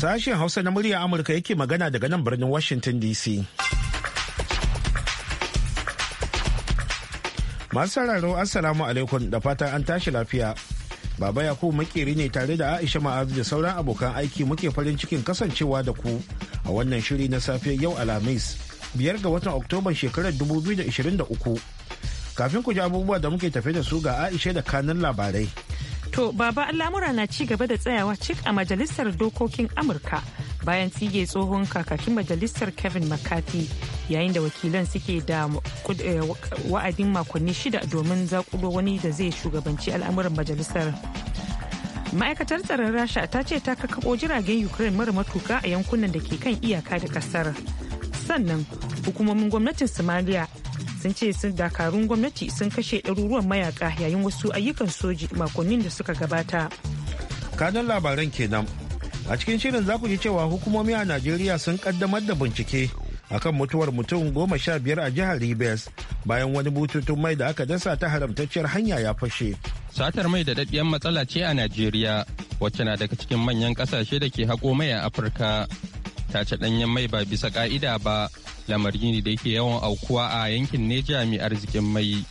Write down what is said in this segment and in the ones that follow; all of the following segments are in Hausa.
Sashen Hausa na muryar Amurka yake magana daga nan birnin Washington DC. Masu sauraro Assalamu alaikum da fata an tashi lafiya. Baba Yakubu makeri ne tare da Aisha Ma'azu da sauran abokan aiki muke farin cikin kasancewa da ku a wannan shiri na safiyar yau Alhamis, biyar ga watan Oktoban shekarar 2023. Kafin ku ji abubuwa da muke tafe da su ga Aisha da kanin labarai. To, baba al'amura na ci gaba da tsayawa cik a majalisar dokokin Amurka bayan tsige tsohon kakakin majalisar Kevin McCarthy yayin da wakilan suke da eh, wa'adin makonni shida domin zakulo wani da zai shugabanci al'amuran majalisar. Ma'aikatar tsaron Rasha ta ce ta kakabo jiragen Ukraine mara matuka a yankunan da ke kan iyaka da kasar. Sannan hukumomin gwamnatin Somalia sun ce sun dakarun gwamnati sun kashe ɗaruruwan mayaka yayin wasu ayyukan soji makonnin da suka gabata. kanan labaran kenan a cikin shirin za ku ji cewa hukumomi a najeriya sun kaddamar da bincike akan mutuwar mutum goma sha biyar a jihar Ribes bayan wani bututun mai da aka dasa ta haramtacciyar hanya ya fashe. Satar mai da daɗiyan matsala ce a Najeriya wacce na daga cikin manyan ƙasashe da ke haƙo mai a Afirka. Ta ce ɗanyen mai ba bisa ƙa'ida ba lamari da yake yawan aukuwa a yankin ne mai arzikin mai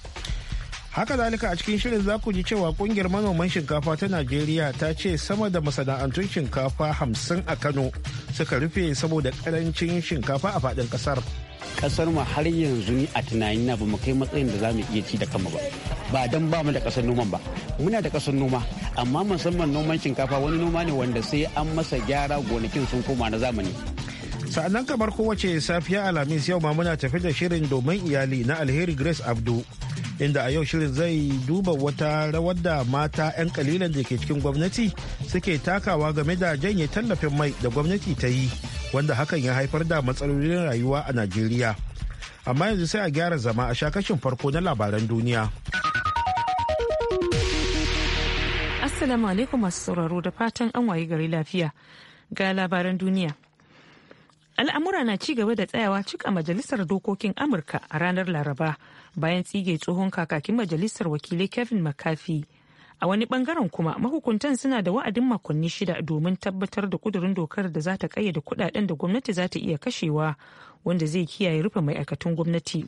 haka zalika a cikin shirin za ku ji cewa kungiyar manoman shinkafa ta najeriya ta ce sama da masana'antun shinkafa hamsin a kano suka rufe saboda karancin shinkafa a faɗin ƙasar kasar ma har yanzu ni a tunanin na bamu kai matsayin da za mu iya ci da kanmu ba ba dan ba mu da kasar noman ba muna da kasar noma amma musamman noman shinkafa wani noma ne wanda sai an masa gyara gonakin sun koma na zamani sa'annan kamar kowace safiya alhamis yau ma muna tafi da shirin domin iyali na alheri grace abdu inda a yau shirin zai duba wata rawar da mata 'yan kalilan da ke cikin gwamnati suke takawa game da janye tallafin mai da gwamnati ta yi wanda hakan ya haifar da matsalolin rayuwa a najeriya amma yanzu sai a gyara zama a shakashin farko na labaran duniya assalamu alaikum masu sauraro da fatan an wayi gari lafiya ga labaran duniya al'amura na ci gaba da tsayawa a majalisar dokokin amurka a ranar laraba bayan tsige tsohon kakakin majalisar wakilai kevin mccarthy a wani bangaren kuma mahukuntan suna da wa'adin makonni shida domin tabbatar da kudurin dokar da za ta kayyade kudaden da gwamnati za ta iya kashewa wanda zai kiyaye rufe ma'aikatan gwamnati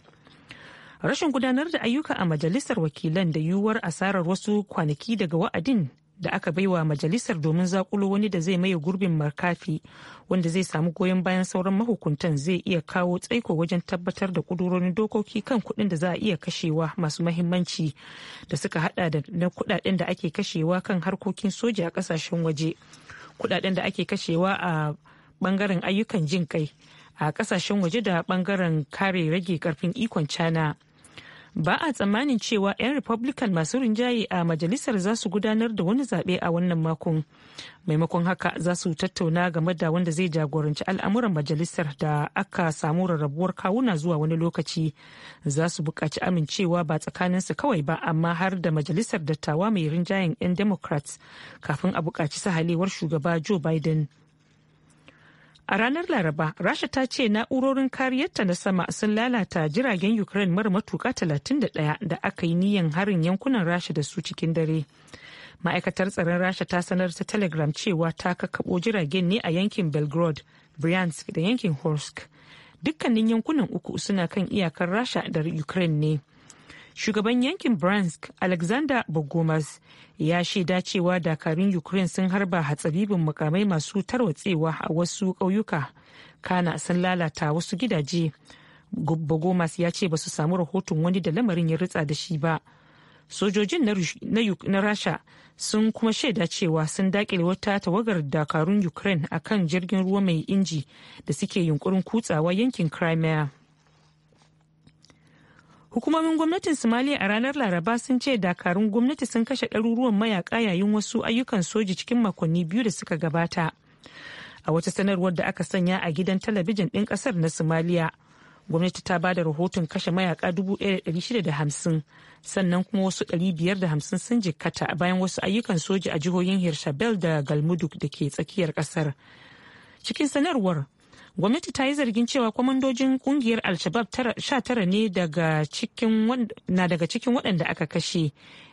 rashin gudanar da ayyuka a majalisar wakilan da yiwuwar asarar wasu kwanaki daga wa'adin da aka baiwa majalisar domin zakulo wani da zai maye gurbin markafi wanda zai samu goyon bayan sauran mahukuntan zai iya kawo tsaiko wajen tabbatar da kudurorin dokoki kan kuɗin da za a iya kashewa masu mahimmanci da suka hada da na kuɗaɗen da ake kashewa kan harkokin soja a ƙasashen waje kuɗaɗen da ake kashewa a bangaren ayyukan jin kai a ƙasashen waje da ɓangaren kare rage ƙarfin ikon cana. ba a tsammanin cewa 'yan republican masu rinjaye a majalisar za su gudanar da wani zaɓe a wannan makon maimakon haka za su tattauna game da wanda zai jagoranci al'amuran majalisar da aka samu rarrabuwar kawuna zuwa wani lokaci za su buƙaci amincewa ba tsakanin su kawai ba amma har da majalisar dattawa mai rinjayen 'yan democrats kafin a buƙaci sahalewar shugaba joe biden A ranar Laraba, Rasha ta ce na'urorin kariyarta na sama sun lalata jiragen Ukraine mara matuka 31 da aka yi niyan harin yankunan Rasha da su cikin dare. Ma'aikatar tsaron Rasha ta sanar ta Telegram cewa ta kakabo jiragen ne a yankin Belgrade, Bryansk da yankin Horsk. Dukkanin yankunan uku suna kan iyakar Rasha da Ukraine ne. shugaban yankin bransk alexander bogomas ya shaida cewa dakarun ukraine sun harba hatsaribin mukamai masu tarwatsewa a wasu ƙauyuka kana sun lalata wasu gidaje bogomas ya ce ba su samu rahoton wani da lamarin ya ritsa da shi ba sojojin na rasha sun kuma shaida cewa sun dakile wata tawagar dakarun ukraine akan jirgin ruwa mai inji da suke yunkurin kutsawa yankin crimea Hukumomin gwamnatin Somalia a ranar Laraba sun ce dakarun gwamnati sun kashe ɗaruruwan mayaka yayin wasu ayyukan soji cikin makonni biyu da suka gabata. A wata sanarwar da aka sanya a gidan talabijin ɗin ƙasar na Somalia, gwamnati ta ba da rahoton kashe mayaka hamsin sannan kuma wasu biyar da 550 sun jikkata bayan wasu ayyukan soji a jihohin Hirshabel da Galmudug da ke tsakiyar ƙasar. Cikin sanarwar, gwamnati ta yi zargin cewa kwamandojin kungiyar alshabab tara ne na daga cikin waɗanda aka kashe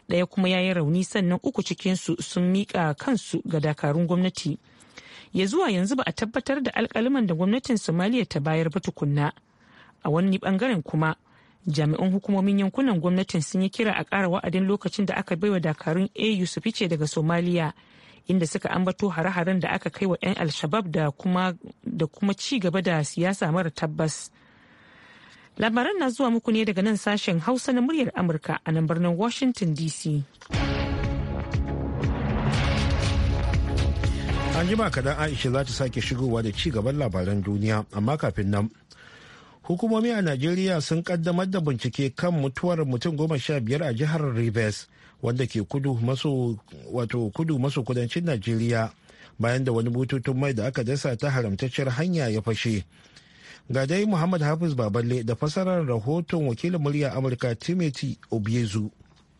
ɗaya kuma ya yi rauni sannan uku cikinsu sun miƙa kansu ga dakarun gwamnati ya zuwa yanzu ba a tabbatar da alkaliman da gwamnatin somaliya ta bayar ba tukunna a wani bangaren kuma jami'an hukumomin yankunan gwamnatin sun yi kira a ƙara wa'adin lokacin da aka baiwa dakarun au su fice daga somaliya inda suka ambato hare-haren da aka kai wa 'yan alshabab da kuma ci gaba da siyasa mara tabbas labaran na zuwa muku ne daga nan sashen hausa na muryar amurka a nan birnin washington dc an kadan kaɗan aisha za ta sake shigowa da ci gaban labaran duniya amma kafin nan hukumomi a najeriya sun kaddamar da bincike kan mutuwar mutum goma sha biyar a jihar rivers wanda ke kudu maso wato kudu maso kudancin najeriya bayan da wani bututun mai da aka dasa ta haramtacciyar hanya ya fashe ga dai muhammad hafiz baballe da fasarar rahoton wakilin murya amurka timothy obiezu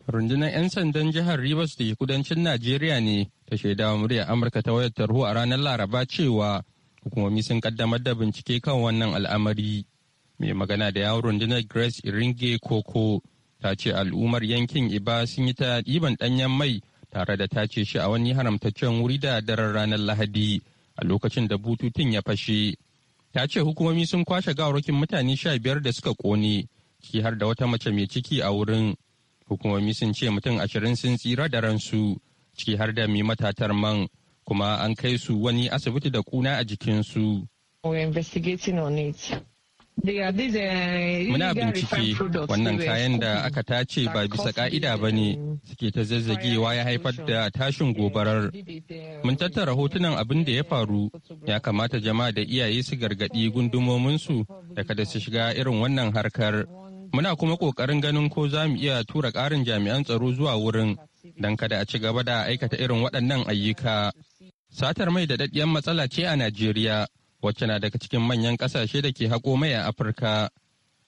rundunar 'yan sandan jihar rivers da kudancin najeriya ne ta shaidawa murya amurka ta wayar tarho a ranar laraba cewa hukumomi sun kaddamar da bincike kan wannan al'amari mai magana da yawon rundunar grace iringe koko ta ce al'ummar yankin iba sun yi ta ɗiban ɗanyen mai tare da ta ce shi a wani haramtaccen wuri da daren ranar lahadi a lokacin da bututun ya fashe ta ce hukumomi sun kwashe gawarwakin mutane sha biyar da suka kone ki har da wata mace mai ciki a wurin hukumomi sun ce mutum ashirin sun tsira da ransu ciki har da mai matatar man kuma an kai su wani asibiti da kuna a jikinsu. investigating Uh, Muna bincike wannan kayan da aka tace ba bisa ka'ida ba ne suke ta zazzagewa ya haifar da tashin gobarar. Uh, Mun tattara hotunan abin da ya faru ya kamata jama'a da iyaye su gargaɗi gundumominsu da kada su shiga irin wannan harkar. Muna kuma ƙoƙarin ganin ko za mu iya tura ƙarin jami'an tsaro zuwa wurin don kada a ci gaba da aikata irin waɗannan ayyuka. Satar mai da matsala ce a Najeriya. wacce na daga cikin manyan ƙasashe da ke haƙo mai a Afirka,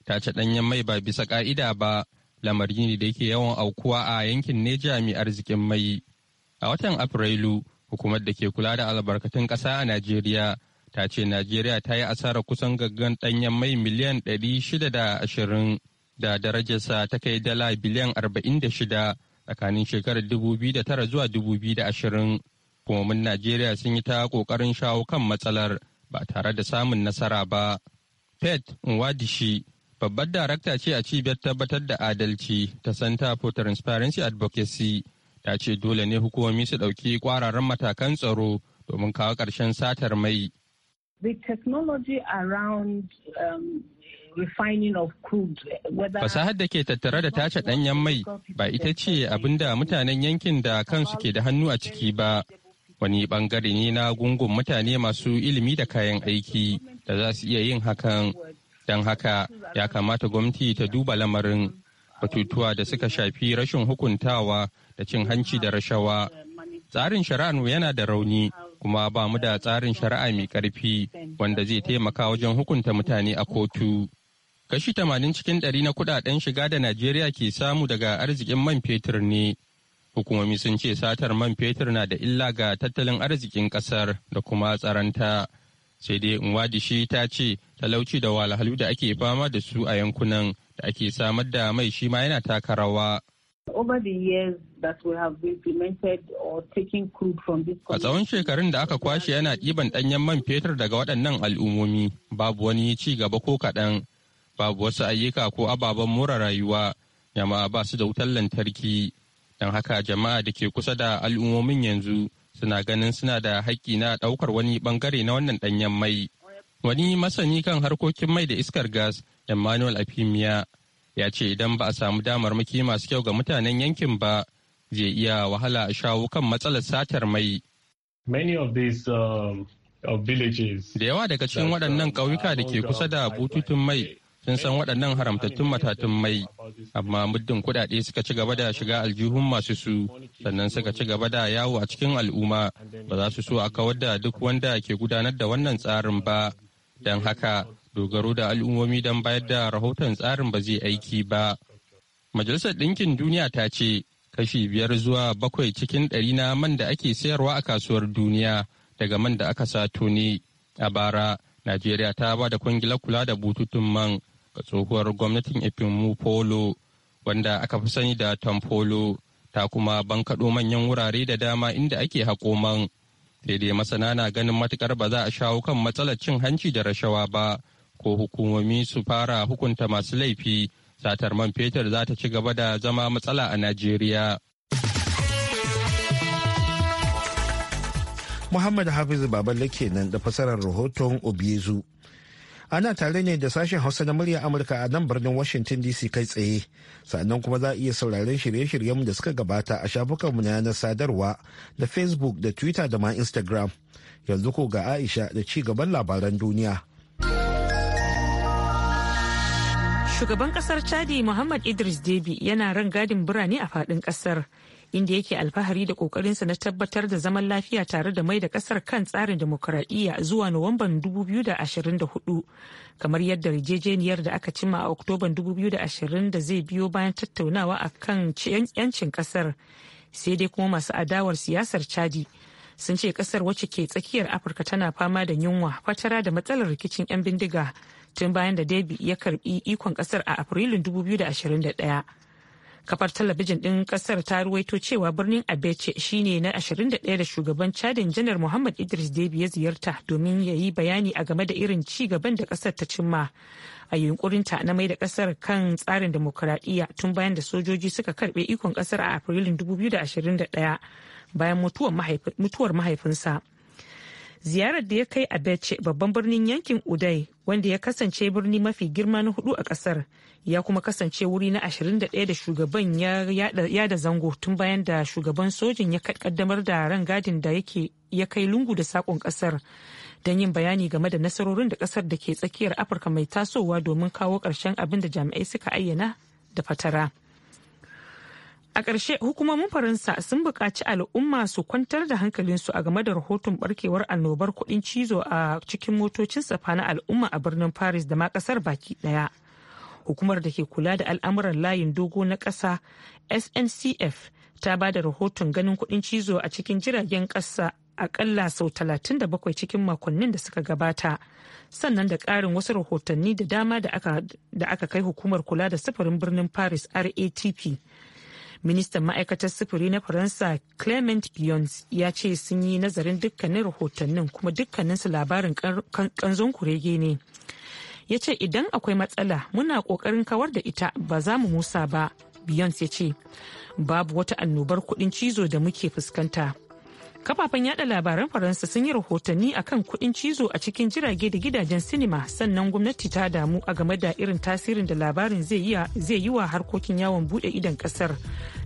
ta ce ɗanyen mai ba bisa ƙa'ida ba, lamari ne da yake yawan aukuwa a yankin Neja mai arzikin mai. A watan Afrilu, hukumar da ke kula da albarkatun ƙasa a Najeriya ta ce Najeriya ta yi asarar kusan gaggan ɗanyen mai miliyan 620 da darajarsa ta kai dala biliyan arba'in da 46 tsakanin shekarar tara zuwa 2020. Hukumomin Najeriya sun yi ta ƙoƙarin shawo kan matsalar ba tare da samun nasara ba. Pet Nwadishi babbar darakta ce a cibiyar tabbatar da adalci ta Center for Transparency Advocacy ta ce dole ne hukumomi su ɗauki kwararan matakan tsaro domin kawo ƙarshen satar mai. Um, Fasahar da ke tattare da tace ɗanyen mai ba ita ce abin da mutanen yankin da kansu ke da hannu a ciki ba. wani bangare ne na gungun mutane masu ilimi da kayan aiki da za su iya yin hakan don haka ya kamata gwamnati ta duba lamarin batutuwa da suka shafi rashin hukuntawa da cin hanci da rashawa tsarin shari'armu yana da rauni kuma ba mu da tsarin shari'a mai karfi wanda zai taimaka wajen hukunta mutane a kotu kashi 80 cikin 100 na kudaden shiga da najeriya ke samu daga arzikin man fetur ne Hukumomi sun ce satar man fetur na da illa ga tattalin arzikin kasar da kuma tsaranta. Sai dai Nwadishi ta ce talauci da walhalu da ake fama da su a yankunan da ake samar da mai shi ma yana taka rawa. A tsawon shekarun da aka kwashe yana ɗiban ɗanyen man fetur daga waɗannan al'ummomi babu wani ci gaba ko kaɗan, babu wasu ayyuka ko ababen more rayuwa, jama'a ba su da wutar lantarki. Don haka jama'a da ke kusa da al'ummomin yanzu suna ganin suna da haƙƙi na ɗaukar wani ɓangare na wannan ɗanyen mai. Wani masani kan harkokin mai da iskar gas, Emmanuel Afimiya, ya ce idan ba a samu damar maki masu kyau ga mutanen yankin ba, zai iya wahala a shawo kan matsalar satar mai. Um, da yawa daga cikin waɗannan um, ƙauyuka da ke kusa da bututun mai sun san waɗannan haramtattun matatun mai amma muddin kuɗaɗe suka ci gaba da shiga aljihun masu su sannan suka ci gaba da yawo a cikin al'umma ba za su so a kawar da duk wanda ke gudanar da wannan tsarin ba don haka dogaro da al'ummomi don bayar da rahoton tsarin ba zai aiki ba majalisar ɗinkin duniya ta ce kashi biyar zuwa bakwai cikin ɗari na man da ake sayarwa a kasuwar duniya daga man da aka sato ne a bara najeriya ta ba da kwangilar kula da bututun man ga tsohuwar gwamnatin Efimufolo wanda aka fi sani da Tamfolo ta kuma bankaɗo manyan wurare da dama inda ake haƙo man. Sai dai masana na ganin matukar ba za a shawo kan matsalar cin hanci da rashawa ba ko hukumomi su fara hukunta masu laifi satar man fetur za ta ci gaba da zama matsala a Najeriya. Muhammad Hafizu Babalake nan da fasarar rahoton Obiezu. ana tare ne da sashen hausa na murya amurka a nan birnin washington dc kai tsaye sannan kuma za a iya sauraren shirye-shiryen da suka gabata a shafukanmu na yanar sadarwa da facebook da twitter da ma instagram yanzu ko ga aisha da ci gaban labaran duniya shugaban kasar chadi muhammad idris debi yana ran gadin birane a faɗin kasar inda yake alfahari da kokarinsa na tabbatar da zaman lafiya tare da mai da kasar kan tsarin demokuraɗiyya zuwa Nuwamban 2024 kamar yadda rijejeniyar da aka cimma a Oktoban 2020 da zai biyo bayan tattaunawa a kan yancin kasar sai dai kuma masu adawar siyasar Chadi sun ce kasar wacce ke tsakiyar Afirka tana fama da yunwa fatara da matsalar rikicin 'yan bindiga tun bayan da Debi ya karbi ikon kasar a Afrilun 2021. kafar talabijin ɗin ƙasar ta ruwaito cewa birnin abeche shine na 21 da shugaban cadin janar muhammad idris debi ya ziyarta domin ya yi bayani a game da irin ci gaban da ƙasar ta cimma a yunkurinta na mai da ƙasar kan tsarin demokuraɗiyya tun bayan da sojoji suka karɓi ikon ƙasar a afrilun 2021 bayan mutuwar mahaifinsa ziyarar da ya kai a babban birnin yankin udai wanda ya kasance birni mafi girma na hudu a kasar ya kuma kasance wuri na 21 da shugaban ya da zango tun bayan da shugaban sojin ya kaddamar da gadin da yake ya kai lungu da sakon kasar don yin bayani game da nasarorin da kasar da ke tsakiyar afirka mai tasowa domin kawo ƙarshen abin da jami'ai suka ayyana da fatara A ƙarshe hukumomin Faransa sun buƙaci al'umma su kwantar da hankalinsu a game da rahoton barkewar annobar kuɗin cizo a cikin motocin safa na al'umma a birnin Paris da ma ƙasar baki ɗaya. Hukumar da ke kula da al'amuran layin dogo na ƙasa SNCF ta ba da rahoton ganin kuɗin cizo a cikin jiragen ƙasa aƙalla sau talatin da bakwai cikin makonnin da suka gabata sannan da ƙarin wasu rahotanni da dama da aka kai hukumar kula da sufurin birnin paris ratp ministan ma'aikatar sufuri na faransa clement beyonce ya ce sun yi nazarin dukkanin rahotannin kuma dukkaninsu labarin kanzon kurege ne ya ce idan akwai matsala muna ƙoƙarin kawar da ita ba za mu musa ba beyonce ya ce babu wata annobar kuɗin cizo da muke fuskanta kafafen yada labaran faransa sun yi rahotanni akan kuɗin cizo a cikin jirage da gidajen sinima sannan gwamnati ta damu a game da irin tasirin da labarin zai yi wa harkokin yawon buɗe idon ƙasar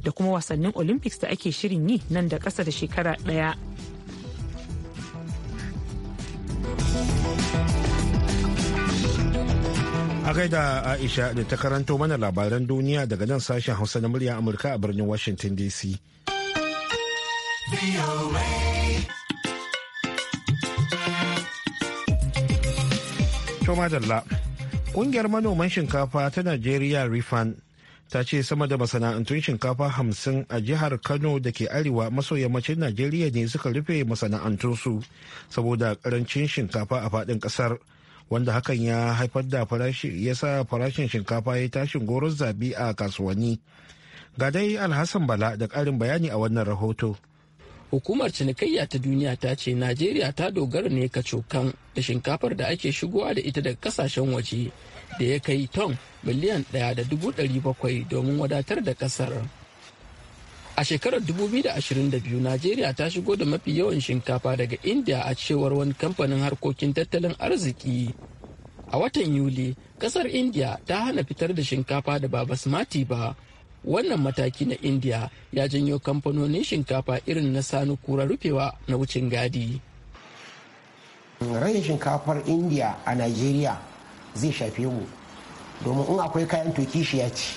da kuma wasannin olympics da ake shirin yi nan da ƙasa da shekara ɗaya a gaida aisha da ta karanto mana labaran duniya daga nan sashen hausa na murya amurka a birnin washington dc Toma Dalla, ƙungiyar manoman shinkafa ta Najeriya Rifan ta ce sama da masana'antun shinkafa hamsin a jihar Kano da ke arewa maso yammacin Najeriya ne suka rufe masana'antunsu saboda ƙarancin shinkafa a faɗin ƙasar. wanda hakan ya haifar da farashi ya sa farashin shinkafa ya tashin goron zabi a kasuwanni. Ga dai Alhassan Bala da ƙarin bayani a wannan rahoto. hukumar cinikayya ta duniya ta ce najeriya ta dogara ne kacokan da shinkafar da ake shigowa da ita daga kasashen waje da ya kai ton miliyan ɗaya da dubu domin wadatar da kasar a shekarar 2022 najeriya ta shigo da mafi yawan shinkafa daga india a cewar wani kamfanin harkokin tattalin arziki a watan yuli kasar india ta hana fitar da shinkafa da ba basmati ba wannan mataki na india ya janyo kamfanonin shinkafa irin na sanu kura rufewa na wucin gadi rashin shinkafar india a nigeria zai shafe mu domin in akwai kayan toki ya ci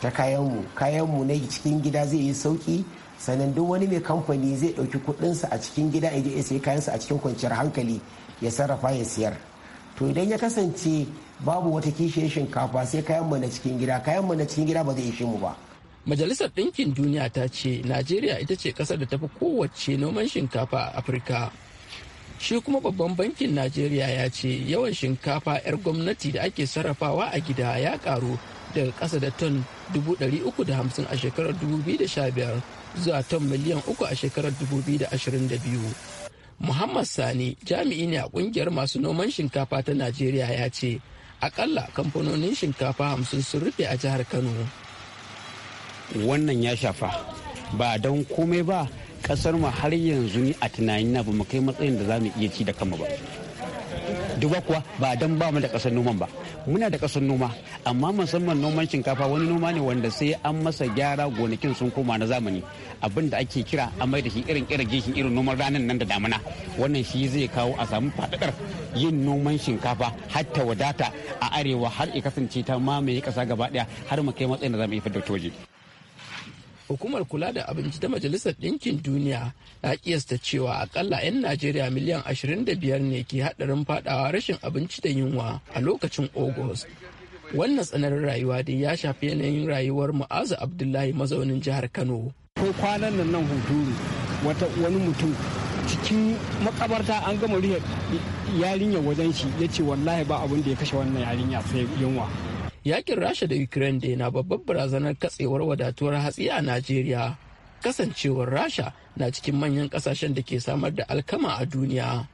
ta kayanmu kayanmu na cikin gida zai yi sauki sannan duk wani mai kamfani zai ɗauki kuɗinsa a cikin gida ya je ya sayi kayansa a cikin kwanciyar hankali ya sarrafa ya siyar to idan ya kasance babu wata kishiyar shinkafa sai kayan mu na cikin gida kayan mu na cikin gida ba zai ishe mu ba majalisar ɗinkin duniya ta ce najeriya ita ce ƙasar da tafi kowace noman shinkafa a afirka shi kuma babban bankin najeriya ya ce yawan shinkafa 'yar gwamnati da ake sarrafawa a gida ya karu daga ƙasa da ton 350 a shekarar 2015 zuwa ton miliyan 3 a shekarar 2022 muhammad sani jami'i ne a kungiyar masu noman shinkafa ta najeriya ya ce akalla kamfanonin shinkafa hamsin sun rufe a jihar kano wannan ya shafa ba don komai ba kasar mu har yanzu ni a tunanin na ba mu kai matsayin da za mu iya ci da kama ba duba kuwa ba dan ba mu da kasar noman ba muna da kasar noma amma musamman noman shinkafa wani noma ne wanda sai an masa gyara gonakin sun koma na zamani abin da ake kira a mai da shi irin irin gishin irin noman ranar nan da damuna wannan shi zai kawo a samu fadadar yin noman shinkafa har ta wadata a arewa har ya kasance ta mamaye kasa gaba daya har mu kai matsayin da za yi fitar waje. hukumar kula da abinci ta majalisar ɗinkin duniya ta kiyasta cewa akalla 'yan najeriya miliyan 25 ne ke haɗarin fadawa rashin abinci da yunwa a lokacin august wannan tsananin rayuwa dai ya shafi yanayin rayuwar mu'azu abdullahi mazaunin jihar kano ko kwanan nan nan hunturu wani mutum cikin makabarta an gama rihar yarinya wajen shi ya ce wallahi ba abin da ya kashe wannan yarinya sai yunwa yakin rasha da ukraine da yana babbar barazanar katsewar wadatuwar hatsi a najeriya kasancewar rasha na cikin manyan kasashen da ke samar da alkama a duniya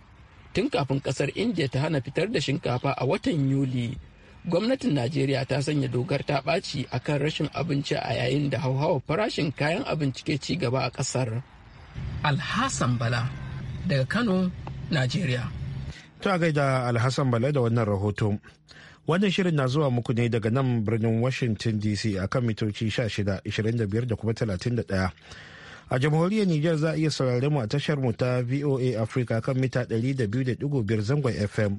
tun kafin kasar india ta hana fitar da shinkafa a watan yuli gwamnatin najeriya ta sanya dogar ta ɓaci a kan rashin abinci a yayin da hauhawar farashin kayan abinci ke ci gaba a ƙasar alhassan bala daga kano najeriya ta gaida alhassan bala da wannan rahoton Wannan shirin na zuwa muku ne daga nan birnin Washington DC akan mitoci 16, da kuma 31. a jamhuriyar Nijar za a iya saurare mu a tashar mu ta VOA Africa kan mita 200.5 zangon FM.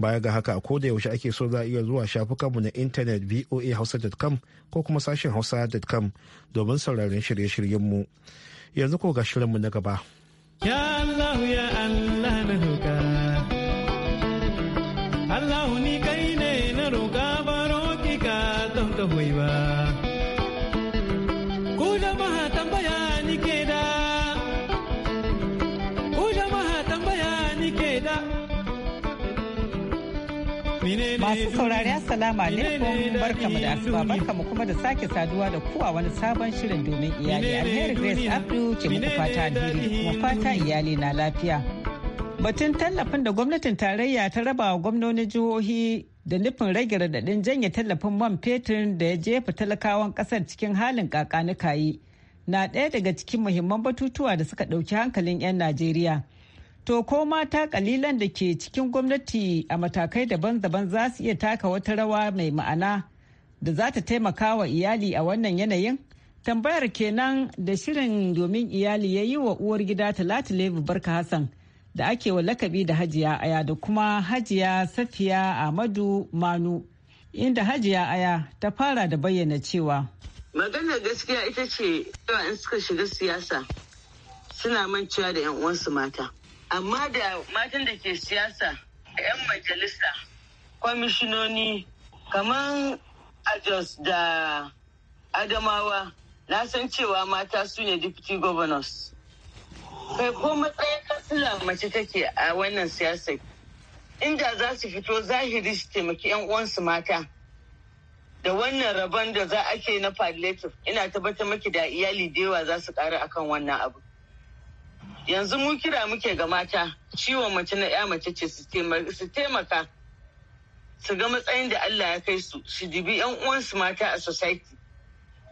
Baya ga haka ko da yaushe ake so za a iya zuwa shafukanmu na intanet voahausa.com ko kuma sashen hausa.com domin sauraron shirye-shiryen mu. Yanzu ko ga shirinmu na gaba. Allah ni da ba. Ku jama'a tambaya ni ke da, ku jama'a tambaya ni ke da. Masu saurari Assalamu alaikum barkamu da asuba barkamu kuma da sake saduwa da kuwa wani sabon shirin domin iyali alheri Grace Abdu ke muku fata alheri kuma fata iyali na lafiya. Batun tallafin da gwamnatin tarayya ta raba wa gwamnonin jihohi da nufin rage radadin janye tallafin man fetur da ya jefa talakawan kasar cikin halin yi na ɗaya daga cikin muhimman batutuwa da suka ɗauki hankalin 'yan najeriya to ko mata kalilan da ke cikin gwamnati a matakai daban-daban za su iya taka wata rawa mai ma'ana da za ta taimaka wa iyali a wannan yanayin tambayar kenan da shirin domin iyali ya yi wa uwar gida talatu lebu barka hassan da ake wa lakabi da hajiya aya da kuma hajiya safiya ahmadu manu inda hajiya aya ta fara da bayyana cewa maganar gaskiya ita ce yawa in suka shiga siyasa suna mancewa da 'yan uwansu mata amma da matan da ke siyasa 'yan majalisa kwamishinoni kamar ajos da adamawa na san cewa mata su ne deputy governors kai ko matsayin kansila mace take a wannan siyasar inda za su fito zahiri su taimaki 'yan uwansu mata da wannan rabon da za ake na palliative ina tabbatar maki da iyali da yawa za su ƙara akan wannan abu yanzu mu kira muke ga mata ciwon mace na 'ya mace ce su taimaka su ga matsayin da Allah ya kai su su dibi 'yan uwansu mata a society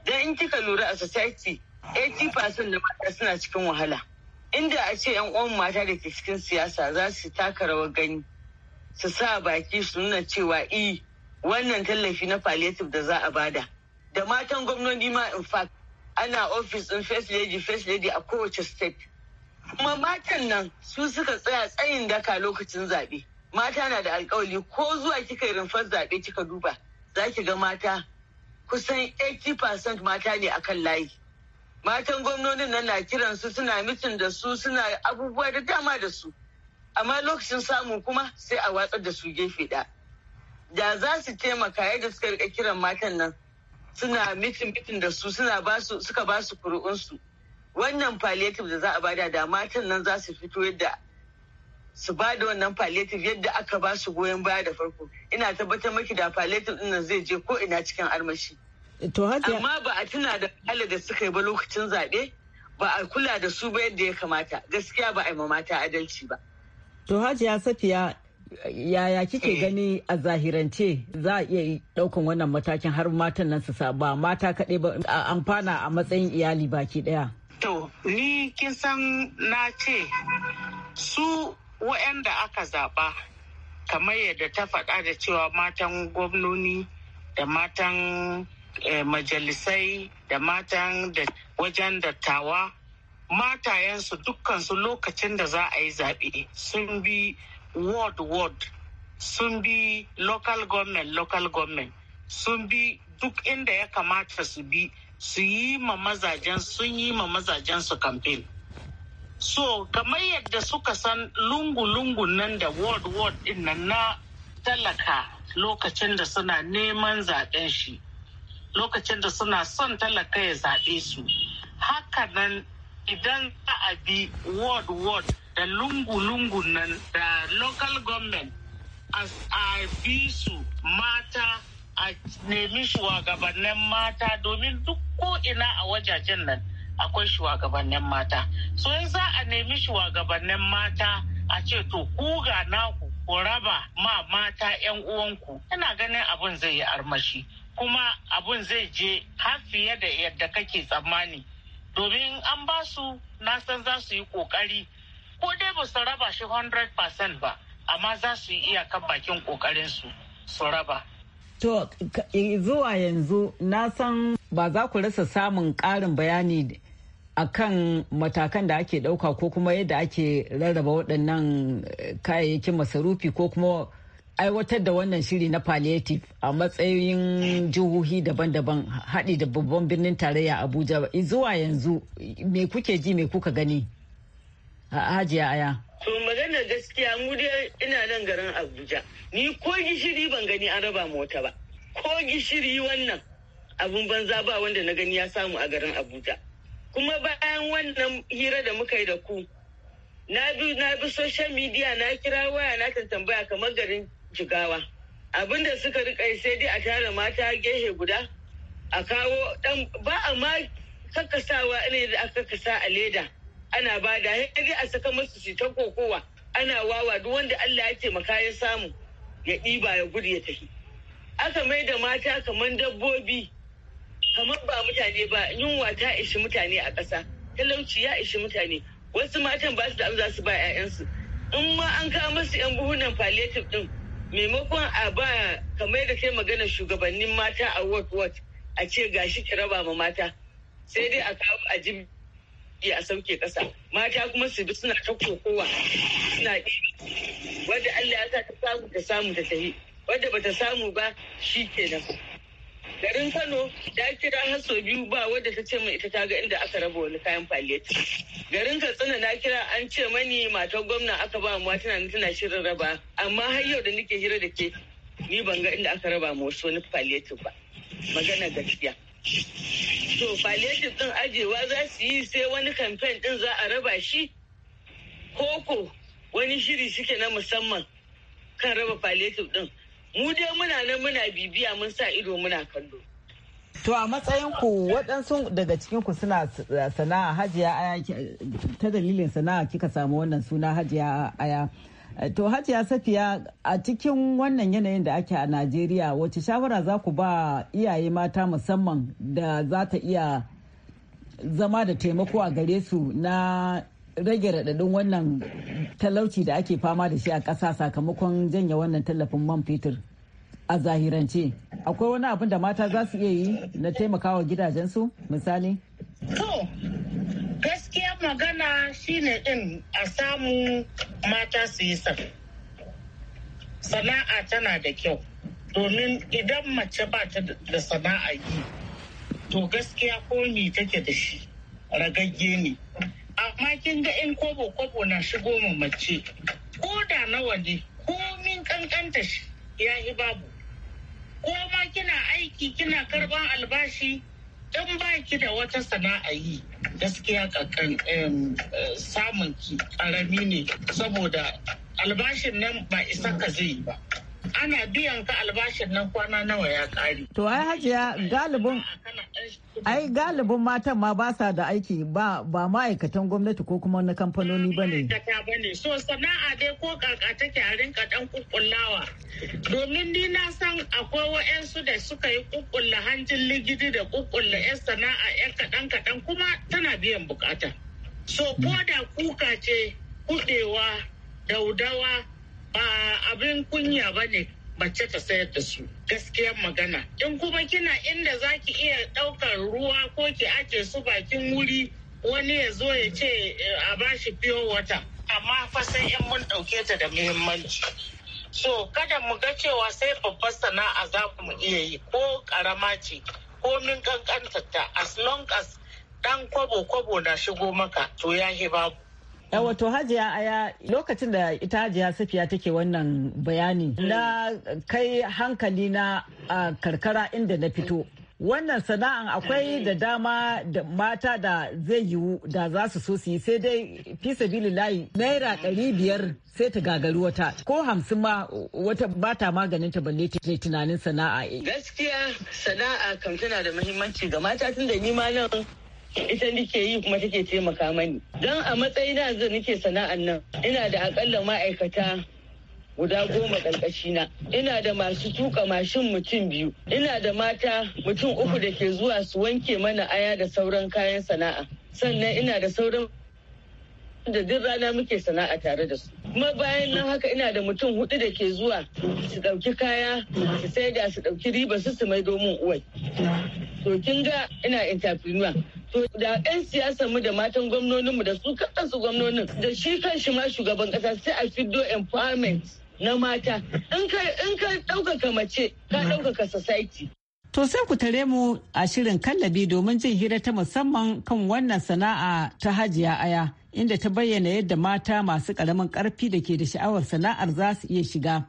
don in kika lura a society 80% da mata suna cikin wahala. inda a ce yan uwan mata da ke cikin siyasa za su taka rawar gani su sa baki su nuna cewa i eh, wannan tallafi na palliative da za a bada da matan gwamnoni ma in fact ana ofis din first lady first lady a kowace state kuma matan nan su suka tsaya tsayin daka lokacin zaɓe mata na da alkawali ko zuwa kika yi rumfar zaɓe kika duba za ki ga mata kusan 80% mata ne akan layi matan gwamnonin nan na kiransu su suna mitin da su suna abubuwa da dama da su amma lokacin samu kuma sai a watsar da su gefe da da za su taimaka yadda suka rika kiran matan nan suna mitin mitin da su suna basu suka ba su su wannan palliative da za a bada da matan nan za su fito yadda su ba da wannan palliative yadda aka ba su goyon baya da farko ina tabbatar maki da palliative din nan zai je ko ina cikin armashi amma ba a tuna da hali da suka yi ba lokacin zaɓe ba a kula da su ba yadda ya kamata gaskiya ba a yi mamata adalci ba to hajiya safiya yaya kike eh. gani a zahirance za a iya daukan wannan matakin har matan nan su ba mata kaɗai ba amfana a matsayin iyali baki ɗaya. To, ni kin san na ce su wa'anda aka zaɓa kamar yadda ta faɗa da cewa matan gwamnoni da matan Eh, majalisai da matan da wajen dattawa matayensu dukkansu lokacin da za a yi zaɓe sun bi ward ward sun bi local government local government sun bi duk inda ya kamata su bi su yi ma mazajen sun yi ma mazajen su campaign so kamar yadda suka san lungu-lungu nan da ward ward din na talaka lokacin da suna neman zaɓen shi lokacin da suna son talaka ya zaɓe su hakanan idan za a bi ward ward da lungu-lungu nan da local government a bi su mata a nemi shugabannin mata domin duk ko'ina a wajajen nan akwai shugabannin mata so in za a nemi shugabannin mata a ce to kuga naku ku raba ma mata 'yan uwanku ina ganin abin zai yi armashi kuma abun zai je har fiye da yadda kake tsammani domin an ba su na san za su yi kokari ko dai ba su raba shi 100% ba amma za su yi iyakan bakin kokarin su su raba to zuwa yanzu na san ba za ku rasa samun ƙarin bayani akan matakan da ake ɗauka ko kuma yadda ake rarraba waɗannan eh, kayayyakin masarufi ko kuma aiwatar da wannan shiri na palliative a matsayin jihohi daban-daban haɗi da babban birnin tarayya abuja zuwa yanzu me kuke ji me kuka gani a hajiya aya to magana gaskiya mu dai ina nan garin abuja ni ko gishiri ban gani an raba mota ba ko gishiri wannan abun banza ba wanda na gani ya samu a garin abuja kuma bayan wannan hira da muka yi da ku na bi social media na kira waya na tantambaya kamar garin jigawa abin da suka rika sai dai a tara mata gehe guda a kawo dan ba a ma kakkasawa ne da aka kasa a leda ana ba da dai a saka masu su ta kokowa ana wawa duk wanda Allah ya taimaka ya samu ya ɗiba ya gudu ya tafi aka mai da mata kamar dabbobi kamar ba mutane ba yunwa ta ishi mutane a ƙasa talauci ya ishi mutane wasu matan ba su da za su ba 'ya'yansu in ma an kawo musu 'yan buhunan palliative din maimakon a ba kamar da kai magana shugabannin mata a work work a ce gashi ki raba ma mata sai dai a kawo a ji a sauke kasa mata kuma su bi suna ta kokowa suna wadda Allah ya sa ta samu ta samu ta tafi wadda bata samu ba shi kenan garin kano ta kira har sau biyu ba wadda ta ce mai ita ta ga inda aka raba wani kayan faleti garin katsina na kira an ce mani matar gwamna aka ba mu tana tana shirin raba amma har yau da nake hira da ke ni ban ga inda aka raba mu wasu wani faleti ba magana gaskiya to faleti din ajewa za su yi sai wani kamfen din za a raba shi koko wani shiri suke na musamman kan raba palliative din mu dai muna nan muna bibiya mun sa ido muna kallo To a matsayin ku waɗansu daga cikin ku suna sana'a hajiya aya ta dalilin sana'a kika samu wannan suna hajiya aya. To hajiya safiya a cikin wannan yanayin da ake a Najeriya wace shawara za ku ba iyaye mata musamman da za ta iya zama da taimako a gare su na rage raɗaɗin wannan talauci da ake fama da shi a ƙasa sakamakon janya wannan tallafin man fetur a zahirance akwai wani abin da mata za su iya yi na taimakawa gidajensu misali to gaskiya magana shine din a samu mata su yi sana'a tana da kyau domin idan mace ba ta da sana'a yi to gaskiya ko take da shi ragagge ne amma kin ga in kobo kobo na shigo mu mace ko da nawa ne min kankanta shi ya yi babu ko ma kina aiki kina karban albashi dan ba ki da wata sana'a yi gaskiya kakan eh, samun ki karami ne saboda albashin nan ba isa ka zai ba ana biyan ka albashin nan kwana nawa ya kare. To ai hajiya galibin ai galibin matan ma ba sa da aiki ba ba ma'aikatan gwamnati ko kuma na kamfanoni ba ne. So sana'a dai ko kaka take a rinka dan kukkullawa. Domin ni na san akwai wa'yansu da suka yi kukkulla hanjin ligidi da kukkulla 'yan sana'a 'yan kaɗan kaɗan kuma tana biyan bukata. So ko da kuka ce kuɗewa daudawa ba abin kunya ba ne mace ta sayar da su gaskiyar magana in kuma kina inda za ki iya ɗaukar ruwa ko ki ake su bakin wuri wani ya zo ya ce a bashi fiyo wata amma fa sai in mun ɗauke ta da muhimmanci so kada mu ga cewa sai babbar sana'a za mu iya yi ko karama ce ko min kankanta ta as long as dan kwabo kwabo na shigo maka to ya babu wato hajiya aya lokacin da ita hajiya safiya take wannan bayani mm. na kai hankali na a karkara inda na fito wannan sana'an akwai mm. da dama da mata da zai yiwu da za su so su yi sai dai fi sabili layi naira ɗari biyar sai ta gagari wata ko hamsin ma wata ba maganin ta balle ta ke tunanin sana'a eh. gaskiya sana'a kam da muhimmanci ga mata tun da ni ma nan ita nike yi kuma take taimaka mani don a matsayina zan nike sana'an nan ina da akalla ma'aikata guda goma na. ina da masu tuka mashin mutum biyu ina da mata mutum uku da ke zuwa su wanke mana aya da sauran kayan sana'a sannan ina da sauran da duk rana muke sana'a tare da su kuma bayan nan haka ina da mutum hudu da ke zuwa su ɗauki kaya su sai da su ɗauki riba su su mai domin uwai to kin ga ina entrepreneur to da 'yan siyasa mu da matan gwamnoninmu da su kansu gwamnonin da shi kan shi ma shugaban kasa sai a fiddo empowerment na mata in ka ɗaukaka mace ka ɗaukaka society To sai ku tare mu a shirin kallabi domin jin hira ta musamman kan wannan sana'a ta hajiya aya inda ta bayyana yadda mata masu ƙaramin ƙarfi da ke da sha'awar sana'ar za su iya shiga.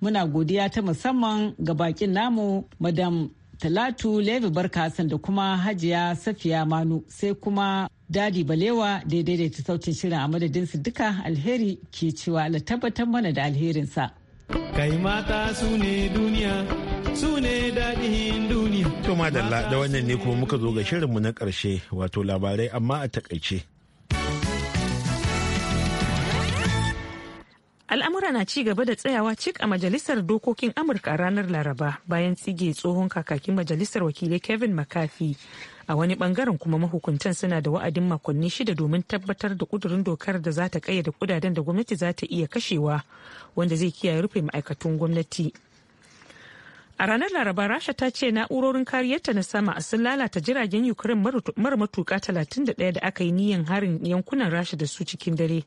Muna godiya ta musamman ga bakin namu Madam Talatu Levi Barkasan da kuma Hajiya Safiya Manu sai kuma Dadi Balewa da daidaita sautin shirin a madadinsu duka alheri ke cewa la tabbatar mana da alherinsa. Kai mata su ne duniya, su ne daɗin duniya. To madalla da wannan ne kuma muka zo ga shirinmu na ƙarshe wato labarai amma a takaice. al'amura na ci gaba da tsayawa cik a majalisar dokokin amurka ranar laraba bayan tsige tsohon kakakin majalisar wakilai kevin mccarthy a wani bangaren kuma mahukuntan suna da wa'adin makonni shida domin tabbatar da kudurin dokar da za ta kayyade kudaden da gwamnati za ta iya kashewa wanda zai kiyaye rufe ma'aikatun gwamnati a ranar laraba rasha ta ce na'urorin kariyarta na sama sun lalata jiragen ukraine mara matuka 31 da aka yi niyan harin yankunan rasha da su cikin dare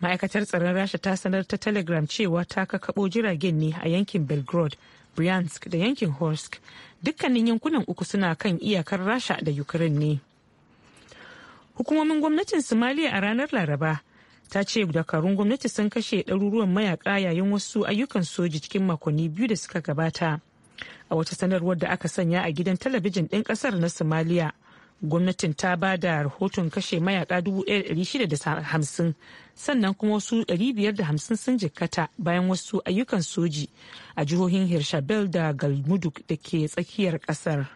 ma'aikatar tsaron rasha ta sanar ta telegram cewa ta kakabo jiragen ne a yankin belgrade bryansk da yankin horsk dukkanin yankunan uku suna kan iyakar rasha da ukraine ne hukumomin gwamnatin somalia a ranar laraba ta ce dakarun gwamnati sun kashe ɗaruruwan mayaka yayin wasu ayyukan soji cikin makonni biyu da suka gabata a wata sanarwar da aka sanya a gidan talabijin ɗin ƙasar na somalia. gwamnatin ta ba da rahoton kashe mayaka 1,650 sannan kuma wasu 550 sun jikkata bayan wasu ayyukan soji a jihohin hirshabel da galmudug da ke tsakiyar kasar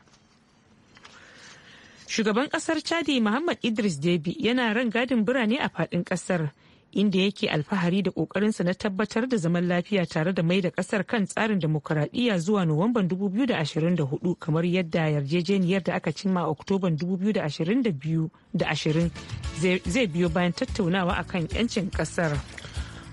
shugaban kasar chadi muhammad idris debi yana ran gadin birane a fadin kasar inda yake alfahari da kokarinsa na tabbatar da zaman lafiya tare da mai da kasar kan tsarin demokuraɗiyya zuwa nuwamban 2024 kamar yadda yarjejeniyar da aka cimma a oktoban 2022 da 20 zai biyo bayan tattaunawa akan 'yancin kasar.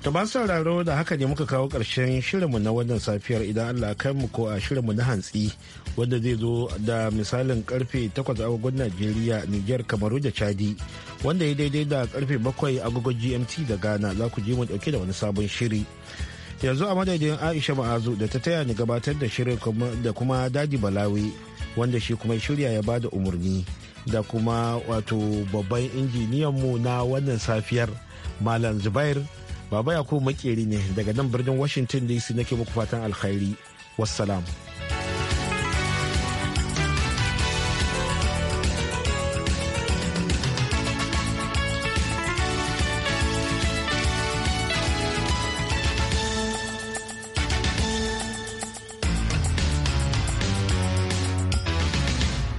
ta ba sauraro da haka ne muka kawo ƙarshen shirinmu na wannan safiyar idan Allah kai mu ko a shirinmu na hantsi wanda zai zo da misalin karfe 8 agogon najeriya niger kamaru da chadi wanda ya daidai da karfe 7 agogon gmt da ghana za ku je mu dauke da wani sabon shiri yanzu a madadin aisha ma'azu da ta taya ni gabatar da shirin da kuma dadi balawi wanda shi kuma shirya ya bada umarni da kuma wato babban mu na wannan safiyar malam zubair baba yakubu makeri ne daga nan birnin washington dc nake muku fatan alkhairi wassalam